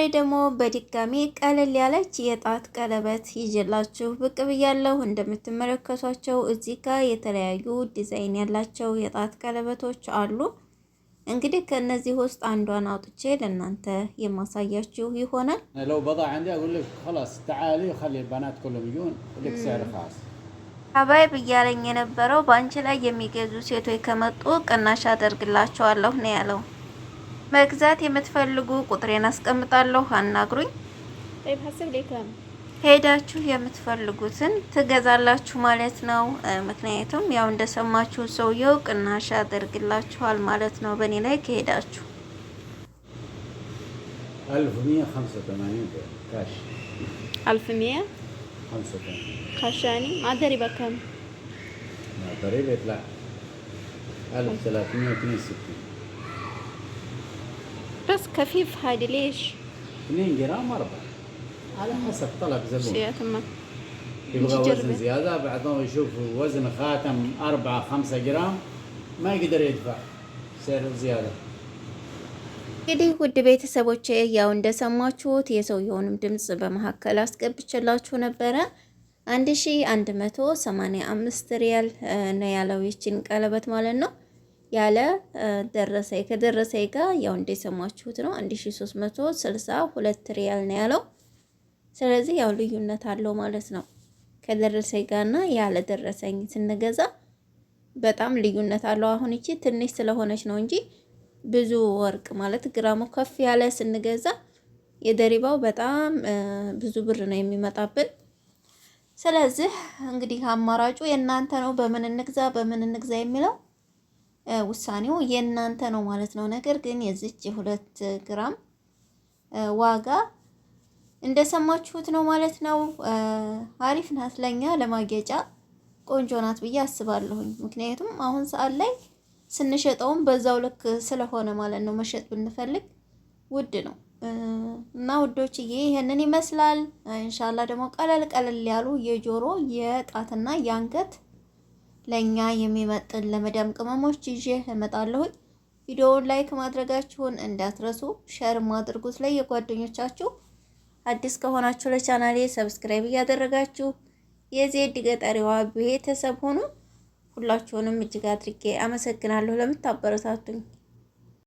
ዛሬ ደግሞ በድጋሚ ቀለል ያለች የጣት ቀለበት ይዤላችሁ ብቅ ብያለሁ። እንደምትመለከቷቸው እዚህ ጋር የተለያዩ ዲዛይን ያላቸው የጣት ቀለበቶች አሉ። እንግዲህ ከእነዚህ ውስጥ አንዷን አውጥቼ ለእናንተ የማሳያችሁ ይሆናል። አባይ ብያለኝ የነበረው በአንቺ ላይ የሚገዙ ሴቶች ከመጡ ቅናሽ አደርግላቸዋለሁ ነው ያለው። መግዛት የምትፈልጉ ቁጥሬን አስቀምጣለሁ፣ አናግሩኝ። ሄዳችሁ የምትፈልጉትን ትገዛላችሁ ማለት ነው። ምክንያቱም ያው እንደሰማችሁ ሰውየው ቅናሽ ያደርግላችኋል ማለት ነው። በእኔ ላይ ከሄዳችሁ አልፍ ሚያ ካሻኒ ማደሪ በከም ማደሪ ቤት ላይ بس كفيف هادي ليش؟ 2 جرام 4 على حسب طلب زبون شياتما يبغى وزن زيادة بعضهم يشوف وزن خاتم 4 5 جرام ما يقدر يدفع سعر زيادة እንግዲህ ውድ ቤተሰቦቼ ያው እንደሰማችሁት የሰውየውንም ድምፅ በመካከል አስገብቼላችሁ ነበረ። 1185 ሪያል ነው ያለው ይችን ቀለበት ማለት ነው። ያለ ደረሰኝ ከደረሰኝ ጋር ያው እንደሰማችሁት ነው 1362 ሪያል ነው ያለው። ስለዚህ ያው ልዩነት አለው ማለት ነው። ከደረሰኝ ጋርና ያለ ደረሰኝ ስንገዛ በጣም ልዩነት አለው። አሁን እቺ ትንሽ ስለሆነች ነው እንጂ ብዙ ወርቅ ማለት ግራሙ ከፍ ያለ ስንገዛ የደሪባው በጣም ብዙ ብር ነው የሚመጣብን። ስለዚህ እንግዲህ አማራጩ የእናንተ ነው። በምን እንግዛ በምን እንግዛ የሚለው ውሳኔው የእናንተ ነው ማለት ነው። ነገር ግን የዚች የሁለት ግራም ዋጋ እንደሰማችሁት ነው ማለት ነው። አሪፍ ናት፣ ለኛ ለማጌጫ ቆንጆ ናት ብዬ አስባለሁኝ። ምክንያቱም አሁን ሰዓት ላይ ስንሸጠውም በዛው ልክ ስለሆነ ማለት ነው። መሸጥ ብንፈልግ ውድ ነው እና ውዶችዬ ይሄንን ይመስላል። እንሻላ ደግሞ ቀለል ቀለል ያሉ የጆሮ የጣትና የአንገት ለእኛ የሚመጥን ለመዳም ቅመሞች ይዤ እመጣለሁኝ። ቪዲዮውን ላይክ ማድረጋችሁን እንዳትረሱ፣ ሸርም አድርጉት ላይ የጓደኞቻችሁ አዲስ ከሆናችሁ ለቻናሌ ሰብስክራይብ እያደረጋችሁ የዜድ ገጠሪዋ ቤተሰብ ሆኑ። ሁላችሁንም እጅግ አድርጌ አመሰግናለሁ ለምታበረታቱኝ።